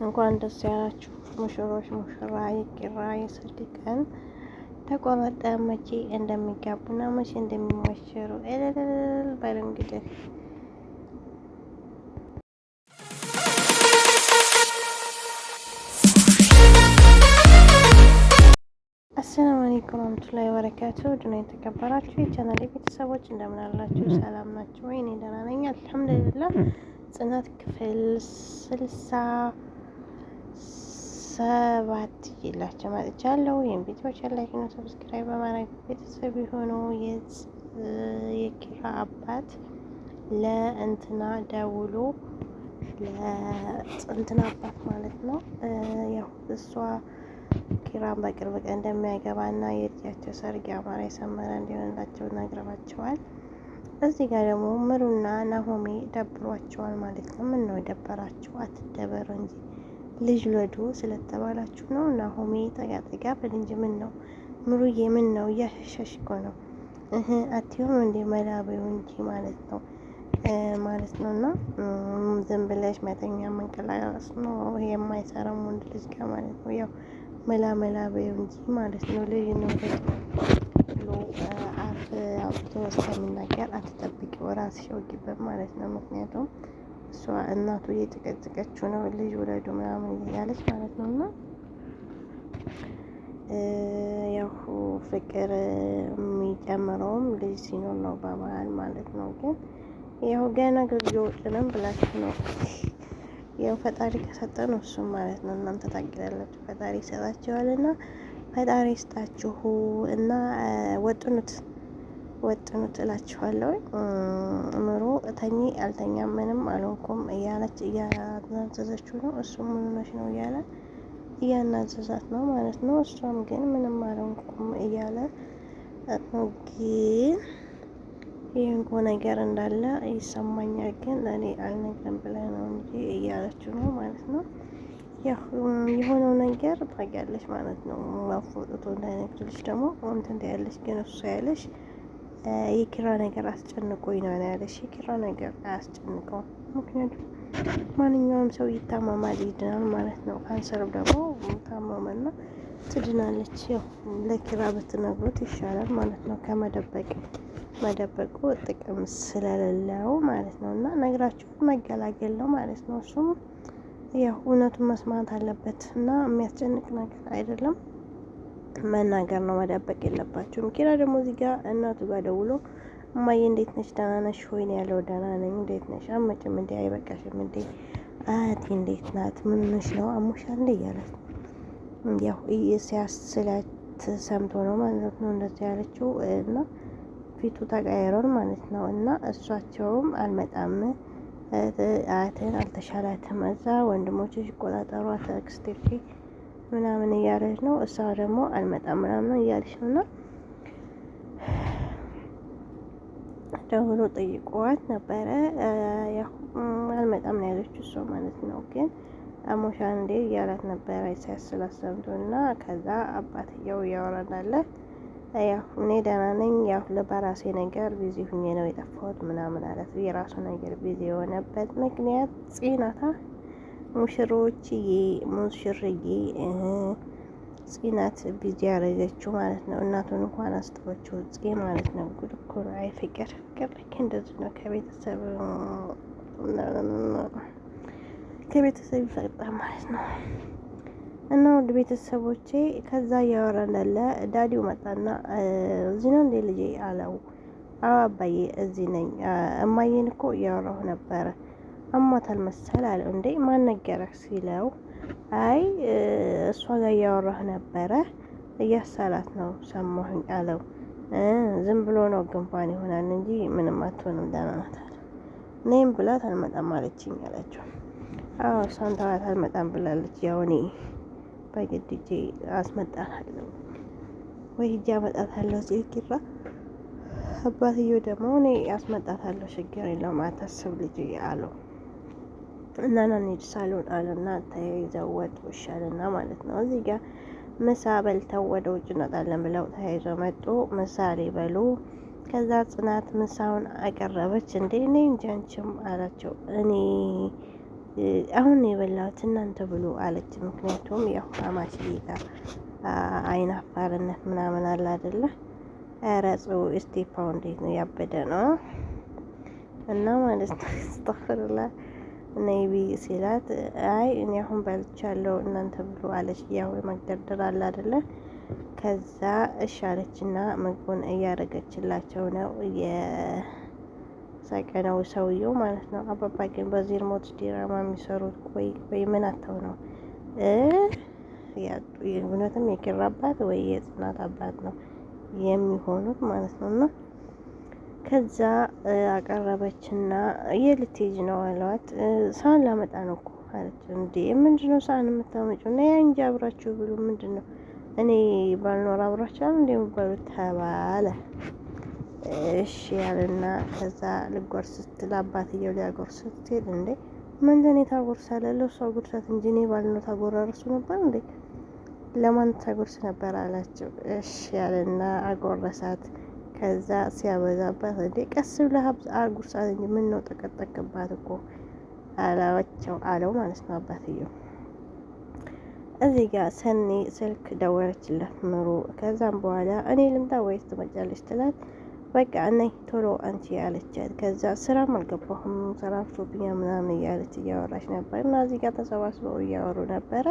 እንኳን ደስ ያላችሁ ሙሽሮች፣ ሙሽራ የቂራ የሰርግ ቀን ተቆረጠ። መቼ እንደሚጋቡና መቼ እንደሚሞሽሩ እልል በል እንግዲህ አሰላሙ አለይኩም ወራህመቱላሂ ወበረካቱ። ድና የተከበራችሁ የቻናል ቤተሰቦች እንደምን አላችሁ? ሰላም ናችሁ ወይ? እኔ ደህና ነኝ አልሐምዱሊላህ። ጽናት ክፍል ስልሳ ሰባት ይዤላቸው መጥቻለሁ። ይህም ቪዲዮ ላይክ እና ሰብስክራይብ በማድረግ ቤተሰብ የሆኑ የኪራ አባት ለእንትና ደውሎ ለእንትና አባት ማለት ነው ያው እሷ ኪራን በቅርብ ቀን እንደሚያገባ እና የልጃቸው ሰርግ ያማረ የሰመረ እንዲሆንላቸው ነግረዋቸዋል። እዚህ ጋር ደግሞ ምሩና ናሆሜ ደብሯቸዋል ማለት ነው። ምን ነው የደበራቸው? አትደበሩ እንጂ ልጅ ወልዱ ስለተባላችሁ ነው። እና ሆሜ ጠጋጠጋ በል ምን ነው ምሩዬ፣ ምን ነው እያሸሸሽ እኮ ነው። እህ አትሆን እንደ መላበው እንጂ ማለት ነው ማለት ነው። እና ዝም ብለሽ መተኛ መንቀላቀስ ነው የማይሰራም ወንድ ልጅ ጋር ማለት ነው። ያው መላ መላ በይው እንጂ ማለት ነው። ልጅ ነው ብሎ አፍ አውጥቶ እስከሚናገር አትጠብቂው፣ ራስሽ ወጊበት ማለት ነው። ምክንያቱም እሷ እናቱ እየጨቀጨቀችው ነው ልጅ ወለዱ ምናምን እያለች ማለት ነው። እና ያው ፍቅር የሚጨምረውም ልጅ ሲኖር ነው በባህል ማለት ነው። ግን ያው ገና ጊዜ ውጭ ነን ብላችሁ ነው ያው ፈጣሪ ነው እሱም ማለት ነው። እናንተ ታግዳላችሁ፣ ፈጣሪ ይሰጣችኋል። እና ፈጣሪ ይስጣችሁ እና ወጥኑት ወጥኑት እላችኋለሁ። ምሩ እተኚ አልተኛ ምንም አልሆንኩም እያለች እያናዘዘችው ነው። እሱ እሱም ምንነሽ ነው እያለ እያናዘዛት ነው ማለት ነው። እሷም ግን ምንም አልሆንኩም እያለ ግን ይህንኮ ነገር እንዳለ ይሰማኛል፣ ግን ለእኔ አልነግርም ብለህ ነው እንጂ እያለችው ነው ማለት ነው። የሆነው ነገር ታውቂያለሽ ማለት ነው። ማፎ እንዳይነግርልሽ ደግሞ ወንትንት ያለሽ ግን እሱ ያለሽ የኪራ ነገር አስጨንቆኝ ነው ያለሽ። የኪራ ነገር አያስጨንቀውም። ምክንያቱም ማንኛውም ሰው ይታመማል፣ ይድናል ማለት ነው። ካንሰር ደግሞ ታመመና ትድናለች። ያው ለኪራ ብትነግሩት ይሻላል ማለት ነው ከመደበቅ መደበቁ ጥቅም ስለሌለው ማለት ነው። እና ነግራችሁ መገላገል ነው ማለት ነው። እሱም ያው እውነቱን መስማት አለበት እና የሚያስጨንቅ ነገር አይደለም። መናገር ነው፣ መደበቅ የለባቸውም። ኪራ ደግሞ እዚህ ጋር እናቱ ጋር ደውሎ እማዬ እንዴት ነሽ? ደህና ነሽ ሆይ ነው ያለው። ደህና ነኝ። እንዴት ነሽ? አመችም እንዴ? አይበቃሽም እንዴ? አያቴ እንዴት ናት? ምን ነሽ ነው አሞሻ እንዴ? እያላት ያው ሲያስላት ሰምቶ ነው ማለት ነው እንደዚህ ያለችው እና ፊቱ ተቀያይሯል ማለት ነው። እና እሷቸውም አልመጣም አያትን አልተሻላትም። እዛ ወንድሞች ይቆጣጠሯት አክስቴ ምናምን እያለች ነው። እሷ ደግሞ አልመጣም ምናምን እያለች ነው። እና ደውሎ ጠይቋት ነበረ። አልመጣም ነው ያለች እሷ ማለት ነው። ግን አሞሻል እንዴ እያላት ነበረ ሳያስላሰምቶ እና ከዛ አባትየው እያወራ ያው እኔ ደህና ነኝ፣ ያው በራሴ ነገር ቢዚ ሁኜ ነው የጠፋሁት ምናምን አለት የራሱ ነገር ቢዚ የሆነበት ምክንያት ጽናታ ሙሽሮችዬ ሙሽርዬ ጽናት ቢዚ ያደረገችው ማለት ነው። እናቱን እንኳን አስጠወችው ጽ ማለት ነው። ጉድ እኮ ነው። አይ ፍቅር ፍቅር ልክ እንደዚህ ነው። ከቤተሰብ ከቤተሰብ ይፈቅዳል ማለት ነው። እና ውድ ቤተሰቦቼ ከዛ እያወራ እንዳለ ዳዲው መጣና እዚህ ነው እንዴ ልጄ አለው። አዎ አባዬ እዚህ ነኝ። እማዬን እኮ እያወራሁ ነበረ አሟታል መሰል አለው። እንዴ ማን ነገረህ ሲለው አይ እሷ ጋር እያወራህ ነበረ እያሳላት ነው ሰማሁኝ አለው። ዝም ብሎ ነው ግንፋን ይሆናል እንጂ ምንም አትሆንም ደህና ናት አለ። እኔም ብላት አልመጣም አለችኝ አላቸው። አዎ እሷን ተዋት አልመጣም ብላለች። ያው እኔ በግድ ሂጄ አስመጣታለሁ ወይ ሂጄ አመጣታለሁ ሲል ኪራ አባትየው ደግሞ እኔ አስመጣታለሁ ችግር የለውም አታስብ ልጅ አለው። እና ና እንሂድ ሳሎን አለና ተያይዘው ወጡ። ይሻልና ማለት ነው። እዚህ ጋር ምሳ በልተው ወደ ውጭ እንወጣለን ብለው ተያይዘው መጡ። ምሳ ሊበሉ ከዛ ጽናት ምሳውን አቀረበች። እንዴ እኔ እንጂ አንቺም አላቸው። እኔ አሁን የበላሁት እናንተ ብሎ አለች። ምክንያቱም ያው አማችዬ ጋር አፋርነት ምናምን አለ አይደለ? ረጹ እስቴፓው እንዴት ነው ያበደ ነው እና ማለት ነው ስተፍርላ ነይቢ ሲላት አይ እኔ አሁን በልቻለሁ እናንተ ብሎ አለች። ያው መግደርደር አለ አደለ? ከዛ እሺ አለች እና ምግቡን እያረገችላቸው ነው የሰቀነው ሰውየው ማለት ነው። አባባ ግን በዚህ ሪሞት ዲራማ የሚሰሩት ቆይ ቆይ ምን አተው ነው ያጡ እውነትም የኪራ አባት ወይ የጽናት አባት ነው የሚሆኑት ማለት ነው እና ከዛ አቀረበችና የልትሄጂ ነው አሏት። ሳህን ላመጣ ነው እኮ አለች። እንዴ ምንድን ነው ሳህን የምታመጪው? እና ያ እንጂ አብራችሁ ብሉ ምንድን ነው እኔ ባልኖር አብራችኋል እንደ የሚባሉ ተባለ። እሺ ያለና ከዛ ልጎርስ ስትል አባትየው ሊያጎርስ ስትል እንዴ ምንድን ነው ታጎርሳለህ? ለእሷ ጎርሳት እንጂ እኔ ባልኖር ታጎራርሱ ነበር እንዴ ለማን ታጎርስ ነበር አላቸው። እሺ ያለና አጎረሳት። ከዛ ሲያበዛባት እንዴ ቀስ ብለ አጉርሳት እንጂ ምን ነው ጠቀጠቅባት እኮ አላቸው አለው ማለት ነው አባትየው። እዚህ ጋር ሰኒ ስልክ ደወለችለት ምሩ። ከዛም በኋላ እኔ ልምጣ ወይስ ትመጫለች ትላት። በቃ እነ ቶሎ አንቺ ያለቻት። ከዛ ስራም አልገባሁም ሰራፍቶ ብኛ ምናምን እያለች እያወራች ነበር እና እዚህ ጋር ተሰባስበው እያወሩ ነበረ።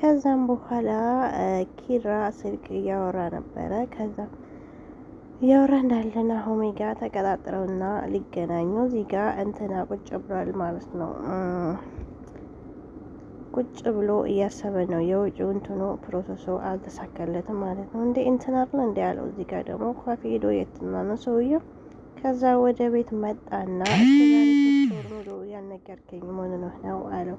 ከዛም በኋላ ኪራ ስልክ እያወራ ነበረ ከዛም እያወራ እንዳለ ናሆሜ ጋ ተቀጣጥረውና ሊገናኙ እዚህ ጋ እንትና ቁጭ ብሏል ማለት ነው። ቁጭ ብሎ እያሰበ ነው። የውጭ እንትኑ ፕሮሰሱ አልተሳካለትም ማለት ነው። እንዴ እንትናርን እንዲ ያለው እዚህ ጋ ደግሞ ኳፊ ሄዶ የትና ነው ሰውየው። ከዛ ወደ ቤት መጣና ቶር ሙሉ ያልነገርከኝ መሆኑን ነው አለው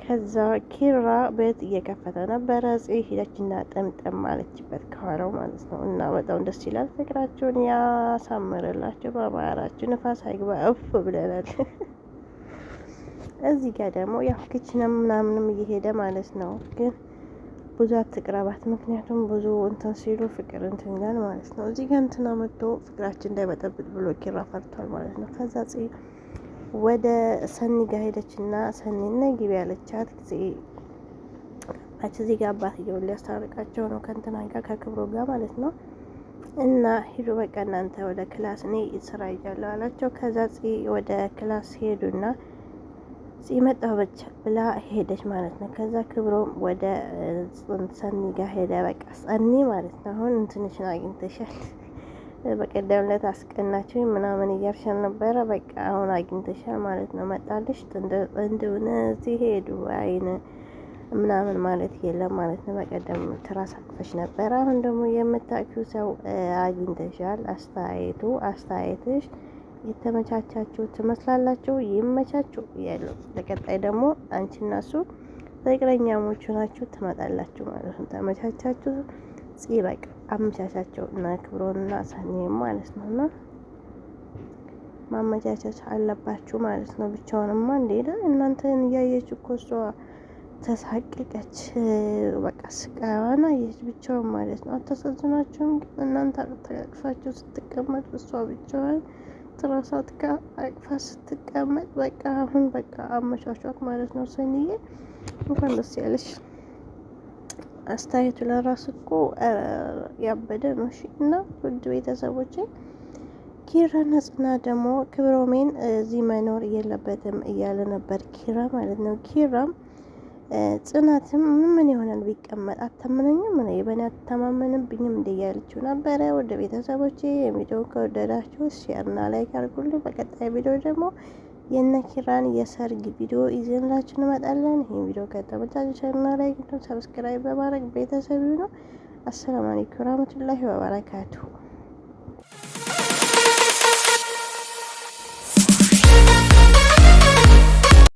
ከዛ ኪራ ቤት እየከፈተ ነበረ። ጽ እና ጠምጠም ማለችበት ከኋላው ማለት ነው። እና በጣም ደስ ይላል። ፍቅራቸውን ያሳምርላቸው፣ በማራቸው ንፋስ አይግባ እፍ ብለናል። እዚህ ጋር ደግሞ ያው ምናምንም እየሄደ ማለት ነው። ግን ብዙ አትቅረባት፣ ምክንያቱም ብዙ እንትን ሲሉ ፍቅር እንትን ይላል ማለት ነው። እዚህ ጋር እንትና መጥቶ ፍቅራችን እንዳይበጠብጥ ብሎ ኪራ ፈርቷል ማለት ነው። ከዛ ጽ ወደ ሰኒ ጋር እና ሰኒ ና ግቢ ያለቻት ጊዜ ባች እዚህ ጋር አባትየው ሊያስታርቃቸው ነው ከእንትና ጋር ከክብሮ ጋር ማለት ነው። እና ሂዱ በቃ እናንተ ወደ ክላስ እኔ ስራ እያለሁ አላቸው። ከዛ ጽ ወደ ክላስ ሄዱና ጽ መጣበች ብላ ሄደች ማለት ነው። ከዛ ክብሮም ወደ ሰኒ ጋር ሄደ። በቃ ሰኒ ማለት ነው አሁን እንትንሽን አግኝተሻል በቀደምለት ዕለት አስቀናችሁ ምናምን እያልሻል ነበረ። በቃ አሁን አግኝተሻል ማለት ነው። መጣልሽ እንደሆነ እዚህ ሄዱ አይነ ምናምን ማለት የለም ማለት ነው። በቀደም ትራስ አቅፈሽ ነበረ። አሁን ደግሞ የምታውቂው ሰው አግኝተሻል። አስተያየቱ አስተያየትሽ የተመቻቻችሁ ትመስላላችሁ። ይመቻችሁ ያለው ለቀጣይ ደግሞ አንቺና እሱ ፍቅረኛሞቹ ናችሁ ትመጣላችሁ ማለት ነው። ተመቻቻችሁ በቃ አመቻቻቸው እና ክብሮንና ሳኔ ማለት ነው እና ማመቻቸት አለባችሁ ማለት ነው። ብቻውንማ እንዴት እናንተን እያየች እኮ እሷ ተሳቀቀች። በቃ ስቃዋን አየች ብቻውን ማለት ነው። አታሳዝናችሁም? እናንተ ተቃቅፋችሁ ስትቀመጥ እሷ ብቻዋን ትራሳት ጋር አቅፋ ስትቀመጥ በቃ አሁን በቃ አመቻቿት ማለት ነው። ሰኒዬ እንኳን ደስ ያለሽ። አስተያየቱ ለራሱ እኮ ያበደ ነው። እሺ እና ውድ ቤተሰቦችን ኪራ ነጽና ደግሞ ክብሮሜን እዚህ መኖር የለበትም እያለ ነበር ኪራ ማለት ነው። ኪራም ጽናትም ምን ምን ይሆናል ቢቀመጥ አታምነኝም፣ ምን በእኔ አታማመንብኝም እንደ እያለችው ነበረ። ወደ ቤተሰቦቼ የሚዲዮ ከወደዳችሁ ሼርና ላይክ አድርጉልኝ። በቀጣይ ቪዲዮ ደግሞ የነኪራን የሰርግ ቪዲዮ ይዘንላችሁ እንመጣለን። ይህን ቪዲዮ ከተመቻችሁ ቻናል ላይ ሰብስክራይብ በማድረግ ቤተሰብ ነው። አሰላሙ አለይኩም ወራህመቱላሂ ወበረካቱሁ